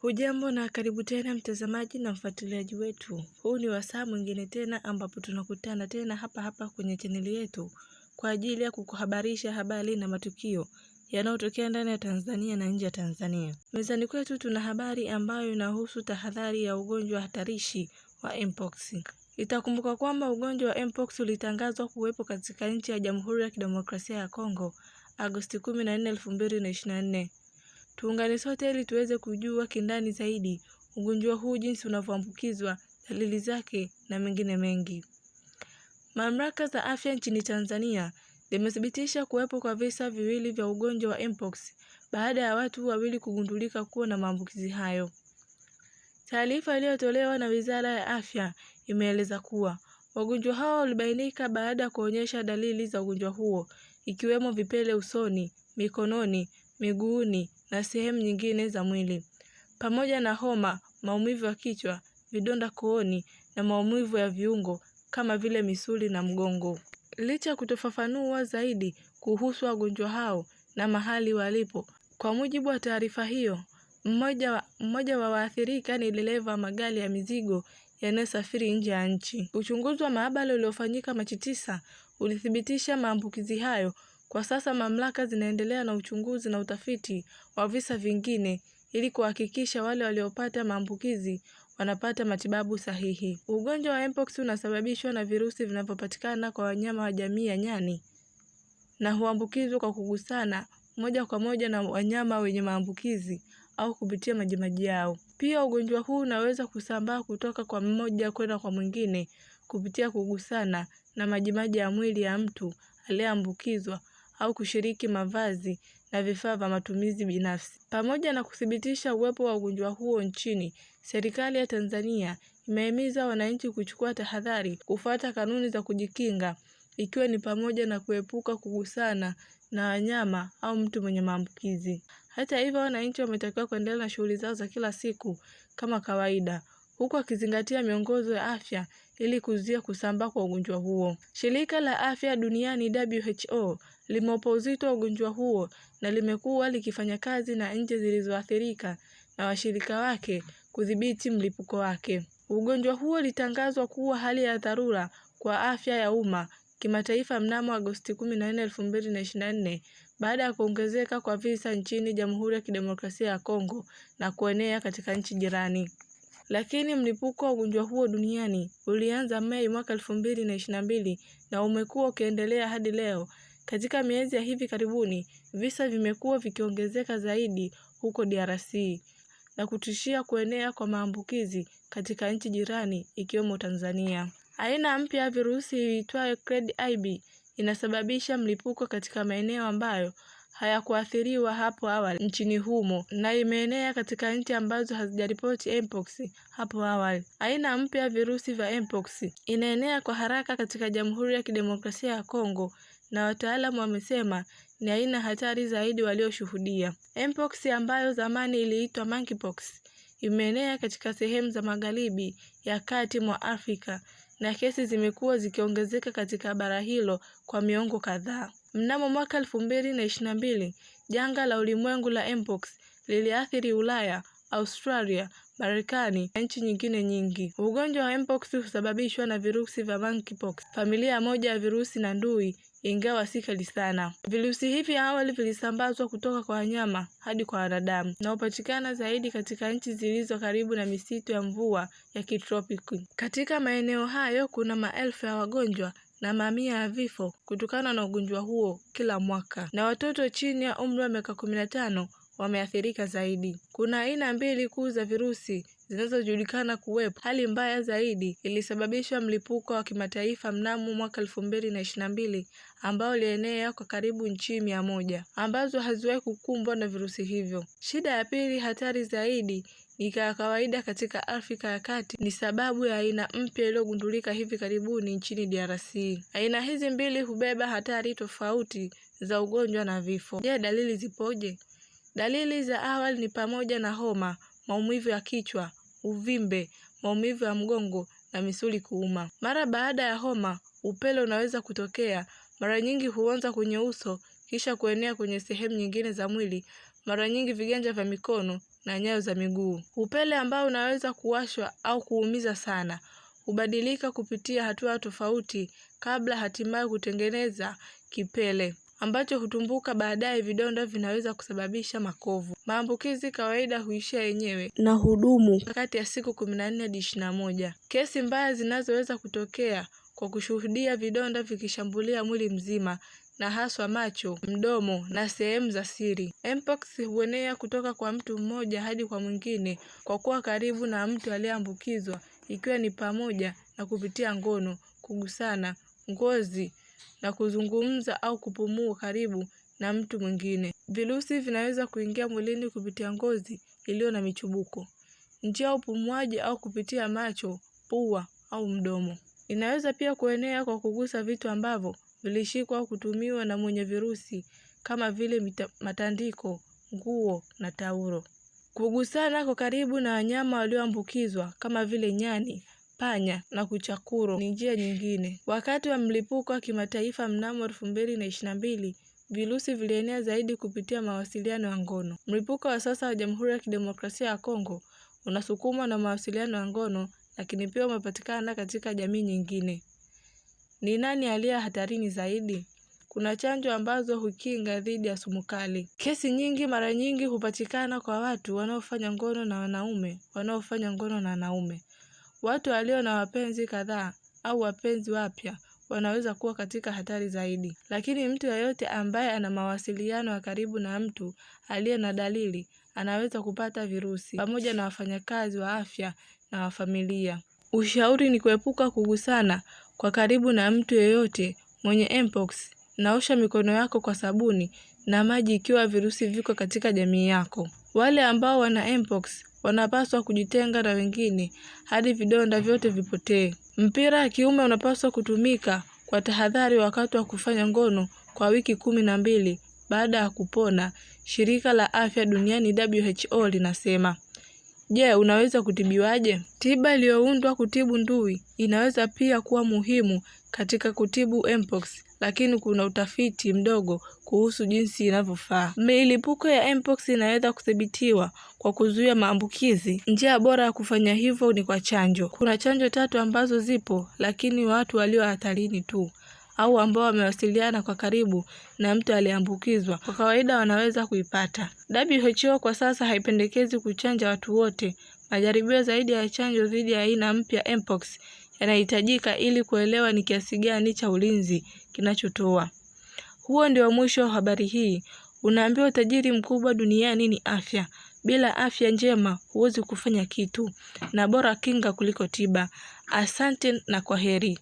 Hujambo na karibu tena mtazamaji na mfuatiliaji wetu. Huu ni wasaa mwingine tena ambapo tunakutana tena hapa hapa kwenye chaneli yetu kwa ajili ya kukuhabarisha habari na matukio yanayotokea ndani ya Tanzania na nje ya Tanzania. Mezani kwetu tuna habari ambayo inahusu tahadhari ya ugonjwa hatarishi wa mpox. Itakumbuka kwamba ugonjwa wa mpox ulitangazwa kuwepo katika nchi ya Jamhuri ya Kidemokrasia ya Kongo Agosti 14, 2024 Tuungane sote ili tuweze kujua kindani zaidi ugonjwa huu, jinsi unavyoambukizwa, dalili zake na mengine mengi. Mamlaka za afya nchini Tanzania zimethibitisha kuwepo kwa visa viwili vya ugonjwa wa mpox baada ya watu wawili kugundulika kuwa na maambukizi hayo. Taarifa iliyotolewa na Wizara ya Afya imeeleza kuwa wagonjwa hao walibainika baada ya kuonyesha dalili za ugonjwa huo ikiwemo vipele usoni, mikononi, miguuni na sehemu nyingine za mwili. Pamoja na homa, maumivu ya kichwa, vidonda kooni na maumivu ya viungo kama vile misuli na mgongo. Licha kutofafanua zaidi kuhusu wagonjwa hao na mahali walipo. Kwa mujibu wa taarifa hiyo, mmoja wa, mmoja wa waathirika ni dereva magari ya mizigo yanayosafiri nje ya nchi. Uchunguzi wa maabara uliofanyika Machi tisa ulithibitisha maambukizi hayo kwa sasa mamlaka zinaendelea na uchunguzi na utafiti wa visa vingine ili kuhakikisha wale waliopata maambukizi wanapata matibabu sahihi. Ugonjwa wa mpox unasababishwa na virusi vinavyopatikana kwa wanyama wa jamii ya nyani na huambukizwa kwa kugusana moja kwa moja na wanyama wenye maambukizi au kupitia majimaji yao. Pia ugonjwa huu unaweza kusambaa kutoka kwa mmoja kwenda kwa mwingine kupitia kugusana na majimaji ya mwili ya mtu aliyeambukizwa au kushiriki mavazi na vifaa vya matumizi binafsi. Pamoja na kuthibitisha uwepo wa ugonjwa huo nchini, serikali ya Tanzania imehimiza wananchi kuchukua tahadhari, kufuata kanuni za kujikinga, ikiwa ni pamoja na kuepuka kugusana na wanyama au mtu mwenye maambukizi. Hata hivyo, wananchi wametakiwa kuendelea na shughuli zao za kila siku kama kawaida huku akizingatia miongozo ya afya ili kuzuia kusambaa kwa ugonjwa huo. Shirika la Afya Duniani WHO limeupa uzito wa ugonjwa huo na limekuwa likifanya kazi na nchi zilizoathirika na washirika wake kudhibiti mlipuko wake. Ugonjwa huo ulitangazwa kuwa hali ya dharura kwa afya ya umma kimataifa mnamo Agosti 14, 2024 baada ya kuongezeka kwa visa nchini Jamhuri ya Kidemokrasia ya Kongo na kuenea katika nchi jirani lakini mlipuko wa ugonjwa huo duniani ulianza Mei mwaka 2022 na umekuwa ukiendelea hadi leo. Katika miezi ya hivi karibuni, visa vimekuwa vikiongezeka zaidi huko DRC na kutishia kuenea kwa maambukizi katika nchi jirani ikiwemo Tanzania. Aina mpya ya virusi iitwayo Clade IB inasababisha mlipuko katika maeneo ambayo hayakuathiriwa hapo awali nchini humo na imeenea katika nchi ambazo hazijaripoti mpox hapo awali. Aina mpya ya virusi vya mpox inaenea kwa haraka katika Jamhuri ya Kidemokrasia ya Kongo na wataalamu wamesema ni aina hatari zaidi walioshuhudia. Mpox ambayo zamani iliitwa monkeypox imeenea katika sehemu za magharibi ya kati mwa Afrika na kesi zimekuwa zikiongezeka katika bara hilo kwa miongo kadhaa. Mnamo mwaka elfu mbili na ishirini na mbili, janga la ulimwengu la mpox liliathiri Ulaya, Australia, Marekani na nchi nyingine nyingi. Ugonjwa wa mpox husababishwa na virusi vya monkeypox, familia moja ya virusi na ndui, ingawa si kali sana. Virusi hivi awali vilisambazwa kutoka kwa wanyama hadi kwa wanadamu na hupatikana zaidi katika nchi zilizo karibu na misitu ya mvua ya kitropiki. Katika maeneo hayo kuna maelfu ya wagonjwa na mamia ya vifo kutokana na ugonjwa huo kila mwaka, na watoto chini ya umri wa miaka 15 wameathirika zaidi. Kuna aina mbili kuu za virusi zinazojulikana kuwepo. Hali mbaya zaidi ilisababisha mlipuko wa kimataifa mnamo mwaka elfu mbili na ishirini na mbili ambao ulienea kwa karibu nchi mia moja ambazo haziwahi kukumbwa na virusi hivyo. Shida ya pili hatari zaidi ikawa kawaida katika Afrika ya Kati ni sababu ya aina mpya iliyogundulika hivi karibuni nchini DRC. Aina hizi mbili hubeba hatari tofauti za ugonjwa na vifo. Je, dalili zipoje? Dalili za awali ni pamoja na homa, maumivu ya kichwa, uvimbe, maumivu ya mgongo na misuli kuuma. Mara baada ya homa, upele unaweza kutokea. Mara nyingi huanza kwenye uso kisha kuenea kwenye sehemu nyingine za mwili, mara nyingi viganja vya mikono na nyayo za miguu. Upele ambao unaweza kuwashwa au kuumiza sana hubadilika kupitia hatua tofauti kabla hatimaye kutengeneza kipele ambacho hutumbuka baadaye. Vidonda vinaweza kusababisha makovu. Maambukizi kawaida huishia yenyewe na hudumu kati ya siku kumi na nne hadi ishirini na moja. Kesi mbaya zinazoweza kutokea kwa kushuhudia vidonda vikishambulia mwili mzima na haswa macho, mdomo na sehemu za siri. Mpox huenea kutoka kwa mtu mmoja hadi kwa mwingine kwa kuwa karibu na mtu aliyeambukizwa, ikiwa ni pamoja na kupitia ngono, kugusana ngozi na kuzungumza au kupumua karibu na mtu mwingine. Virusi vinaweza kuingia mwilini kupitia ngozi iliyo na michubuko, njia ya upumuaji au kupitia macho, pua au mdomo. Inaweza pia kuenea kwa kugusa vitu ambavyo vilishikwa kutumiwa na mwenye virusi kama vile mita, matandiko, nguo na taulo. Kugusana kwa karibu na wanyama walioambukizwa kama vile nyani, panya na kuchakuro ni njia nyingine. Wakati wa mlipuko wa kimataifa mnamo elfu mbili na ishirini na mbili virusi vilienea zaidi kupitia mawasiliano ya ngono. Mlipuko wa sasa wa Jamhuri ya Kidemokrasia ya Kongo unasukumwa na mawasiliano ya ngono, lakini pia umepatikana katika jamii nyingine. Ni nani aliye hatarini zaidi? Kuna chanjo ambazo hukinga dhidi ya sumu kali. Kesi nyingi mara nyingi hupatikana kwa watu wanaofanya ngono na wanaume, wanaofanya ngono na wanaume. Watu walio na wapenzi kadhaa au wapenzi wapya wanaweza kuwa katika hatari zaidi. Lakini mtu yeyote ambaye ana mawasiliano ya karibu na mtu aliye na dalili anaweza kupata virusi pamoja na wafanyakazi wa afya na wafamilia Ushauri ni kuepuka kugusana kwa karibu na mtu yeyote mwenye mpox naosha mikono yako kwa sabuni na maji ikiwa virusi viko katika jamii yako. Wale ambao wana mpox wanapaswa kujitenga na wengine hadi vidonda vyote vipotee. Mpira wa kiume unapaswa kutumika kwa tahadhari wakati wa kufanya ngono kwa wiki kumi na mbili baada ya kupona. Shirika la Afya Duniani WHO linasema. Je, unaweza kutibiwaje? Tiba iliyoundwa kutibu ndui inaweza pia kuwa muhimu katika kutibu mpox, lakini kuna utafiti mdogo kuhusu jinsi inavyofaa. Milipuko ya mpox inaweza kudhibitiwa kwa kuzuia maambukizi. Njia bora ya kufanya hivyo ni kwa chanjo. Kuna chanjo tatu ambazo zipo, lakini watu walio hatarini tu au ambao wamewasiliana kwa karibu na mtu aliyeambukizwa kwa kawaida wanaweza kuipata. WHO kwa sasa haipendekezi kuchanja watu wote. Majaribio zaidi ya chanjo dhidi ya aina mpya mpox yanahitajika ili kuelewa ni kiasi gani cha ulinzi kinachotoa. Huo ndio mwisho wa habari hii. Unaambiwa utajiri mkubwa duniani ni afya. Bila afya njema huwezi kufanya kitu, na bora kinga kuliko tiba. Asante na kwa heri.